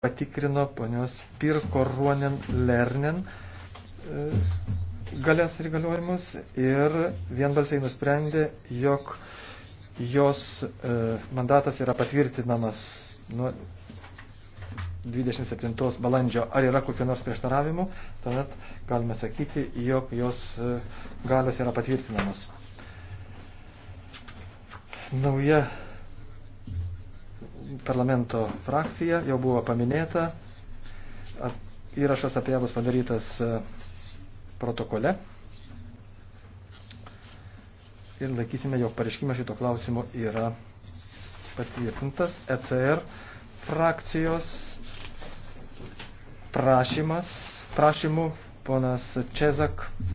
patikrino ponios Pirko Ruonen Lernen e, galės ir galiojimus ir vienbalsiai nusprendė, jog jos e, mandatas yra patvirtinamas nuo 27 balandžio. Ar yra kokių nors prieštaravimų, tuomet galime sakyti, jog jos e, galios yra patvirtinamas. Nauja parlamento frakcija, jau buvo paminėta. Įrašas apie ją bus padarytas e, protokole. Ir laikysime, jog pareiškimas šito klausimo yra patvirtintas. ECR frakcijos prašymas, prašymų ponas Čezak.